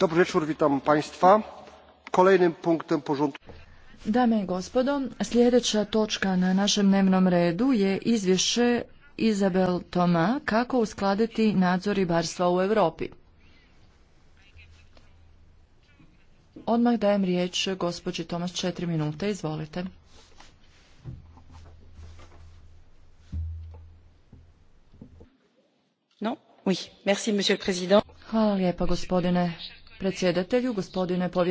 Dobry wieczór, witam Państwa. Kolejnym punktem porządku... Dame i gospodo, sljedeća točka na našem dnevnom redu je izvješće Izabel Toma kako uskladiti nadzor ribarstva u Europi. Odmah dajem riječ gospođi Thomas, četiri minute, izvolite. No, Hvala lijepa gospodine predsjedatelju, gospodine povjereniče.